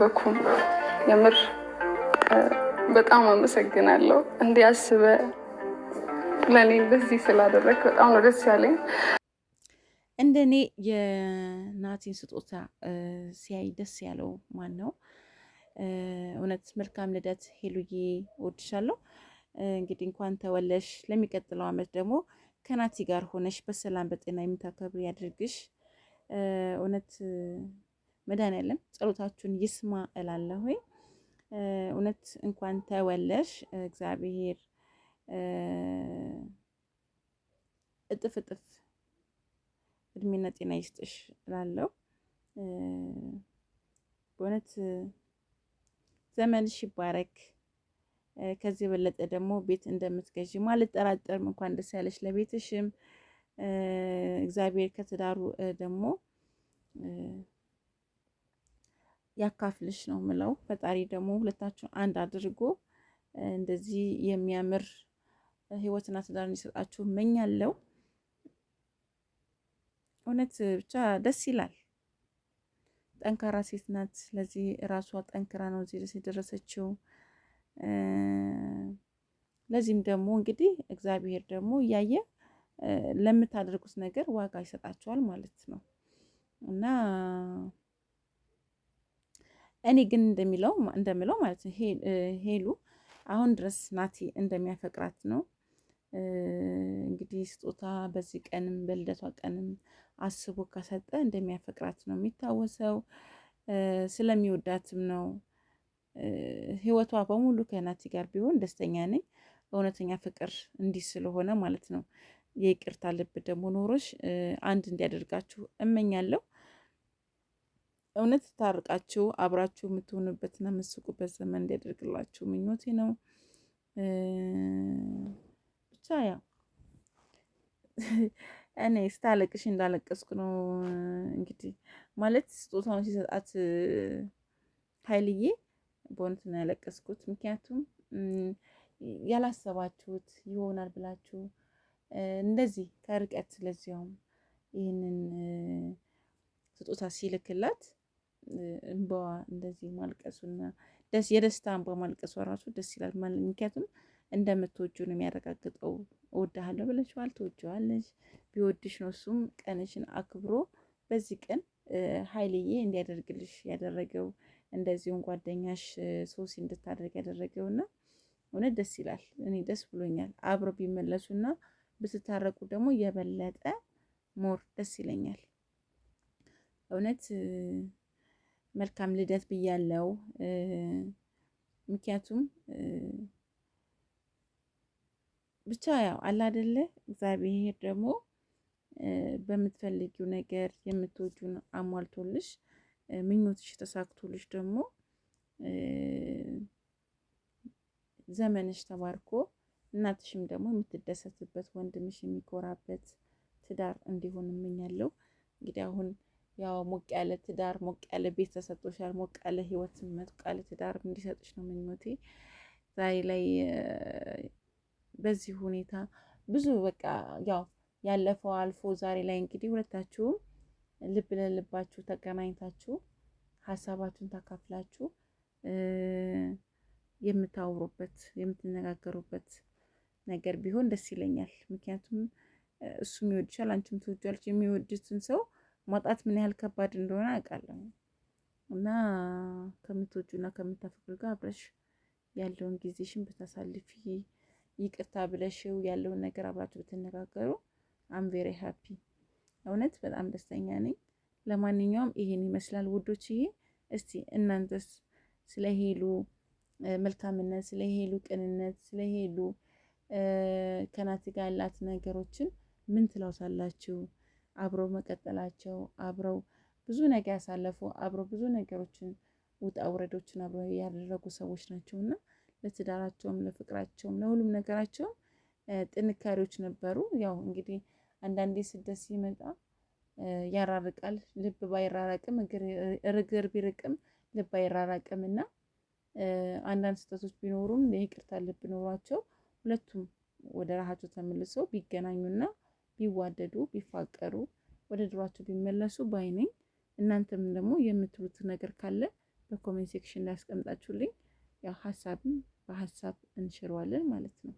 በኩም የምር በጣም አመሰግናለሁ። እንዲያስበ ለእኔ እንደዚህ ስላደረግ በጣም ነው ደስ ያለኝ። እንደ እኔ የናቲን ስጦታ ሲያይ ደስ ያለው ማን ነው? እውነት መልካም ልደት ሄሉዬ፣ ወድሻለሁ። እንግዲህ እንኳን ተወለሽ። ለሚቀጥለው አመት ደግሞ ከናቲ ጋር ሆነሽ በሰላም በጤና የምታከብሪ ያድርግሽ። እውነት መድኃኒዓለም ጸሎታችሁን ይስማ እላለሁ። እውነት እንኳን ተወለሽ እግዚአብሔር እጥፍ እጥፍ እድሜና ጤና ይስጥሽ እላለሁ። በእውነት ዘመንሽ ይባረክ። ከዚህ የበለጠ ደግሞ ቤት እንደምትገዥ አልጠራጠርም። እንኳን ደስ ያለሽ ለቤትሽም። እግዚአብሔር ከትዳሩ ደግሞ ያካፍልሽ ነው ምለው። ፈጣሪ ደግሞ ሁለታችሁን አንድ አድርጎ እንደዚህ የሚያምር ህይወትና ትዳር እንዲሰጣችሁ እመኛለሁ። እውነት ብቻ ደስ ይላል። ጠንካራ ሴት ናት። ለዚህ ራሷ ጠንክራ ነው እዚህ ደስ የደረሰችው። ለዚህም ደግሞ እንግዲህ እግዚአብሔር ደግሞ እያየ ለምታደርጉት ነገር ዋጋ ይሰጣችኋል ማለት ነው እና እኔ ግን እንደሚለው እንደምለው ማለት ነው ሄሉ አሁን ድረስ ናቲ እንደሚያፈቅራት ነው። እንግዲህ ስጦታ በዚህ ቀንም በልደቷ ቀንም አስቦ ከሰጠ እንደሚያፈቅራት ነው የሚታወሰው። ስለሚወዳትም ነው። ህይወቷ በሙሉ ከናቲ ጋር ቢሆን ደስተኛ ነኝ። እውነተኛ ፍቅር እንዲህ ስለሆነ ማለት ነው። የይቅርታ ልብ ደግሞ ኖሮሽ አንድ እንዲያደርጋችሁ እመኛለሁ። እውነት ታርቃችሁ አብራችሁ የምትሆኑበትና የምትስቁበት ዘመን እንዲያደርግላችሁ ምኞቴ ነው። ብቻ ያው እኔ ስታለቅሽ እንዳለቀስኩ ነው እንግዲህ ማለት ስጦታውን ሲሰጣት ኃይልዬ በእውነት ነው ያለቀስኩት። ምክንያቱም ያላሰባችሁት ይሆናል ብላችሁ እንደዚህ ከርቀት ስለዚያውም ይህንን ስጦታ ሲልክላት እንባዋ እንደዚህ ማልቀሱና ደስ የደስታ እንባ ማልቀሱ ራሱ ደስ ይላል። ምክንያቱም እንደምትወጁ ነው የሚያረጋግጠው። እወድሃለሁ ብለሽዋል፣ ትወጂዋለሽ። ቢወድሽ ነው እሱም ቀንሽን አክብሮ በዚህ ቀን ሀይልዬ እንዲያደርግልሽ ያደረገው እንደዚሁም ጓደኛሽ ሶሲ እንድታደርግ ያደረገው እና እውነት ደስ ይላል። እኔ ደስ ብሎኛል። አብሮ ቢመለሱና ብትታረቁ ደግሞ የበለጠ ሞር ደስ ይለኛል እውነት መልካም ልደት ብያለው። ምክንያቱም ብቻ ያው አላደለ እግዚአብሔር ደግሞ በምትፈልጊው ነገር የምትወጁን አሟልቶልሽ ምኞትሽ ተሳክቶልሽ ደግሞ ዘመንሽ ተባርኮ እናትሽም ደግሞ የምትደሰትበት ወንድምሽ የሚኮራበት ትዳር እንዲሆን እመኛለሁ። እንግዲህ አሁን ያው ሞቅ ያለ ትዳር፣ ሞቅ ያለ ቤት ተሰጥቶሻል። ሞቅ ያለ ህይወት፣ ሞቅ ያለ ትዳር እንዲሰጥሽ ነው ምኞቴ። ዛሬ ላይ በዚህ ሁኔታ ብዙ በቃ ያው ያለፈው አልፎ ዛሬ ላይ እንግዲህ ሁለታችሁም ልብ ለልባችሁ ተገናኝታችሁ ሀሳባችሁን ታካፍላችሁ የምታውሩበት የምትነጋገሩበት ነገር ቢሆን ደስ ይለኛል። ምክንያቱም እሱም ይወድሻል፣ አንቺም ትወጃለች። የሚወድትን ሰው ማጣት ምን ያህል ከባድ እንደሆነ አውቃለሁ እና ከምትወጁ እና ከምታፈቅዱ ጋር አብረሽ ያለውን ጊዜሽን ብታሳልፊ ይቅርታ ብለሽው ያለውን ነገር አብራችሁ ብትነጋገሩ አም ቬሪ ሃፒ። እውነት በጣም ደስተኛ ነኝ። ለማንኛውም ይሄን ይመስላል ውዶችዬ። እስቲ እናንተስ ስለ ሄሉ መልካምነት፣ ስለ ሄሉ ቅንነት፣ ስለ ሄሉ ከናት ጋር ያላት ነገሮችን ምን ትላውታላችሁ? አብረው መቀጠላቸው አብረው ብዙ ነገር ያሳለፉ አብረው ብዙ ነገሮችን ውጣ ውረዶችን አብረው ያደረጉ ሰዎች ናቸው እና ለትዳራቸውም ለፍቅራቸውም ለሁሉም ነገራቸውም ጥንካሬዎች ነበሩ። ያው እንግዲህ አንዳንዴ ስደት ሲመጣ ያራርቃል። ልብ ባይራራቅም እግር ቢርቅም ልብ አይራራቅም እና አንዳንድ ስህተቶች ቢኖሩም ይቅርታ ልብ ኖሯቸው ሁለቱም ወደ ራሳቸው ተመልሰው ቢገናኙና ቢዋደዱ ቢፋቀሩ ወደ ድሯቸው ቢመለሱ ባይ ነኝ። እናንተም ደግሞ የምትሉት ነገር ካለ በኮሜንት ሴክሽን ላይ ያስቀምጣችሁልኝ። ያው ሀሳብም በሀሳብ እንሽረዋለን ማለት ነው።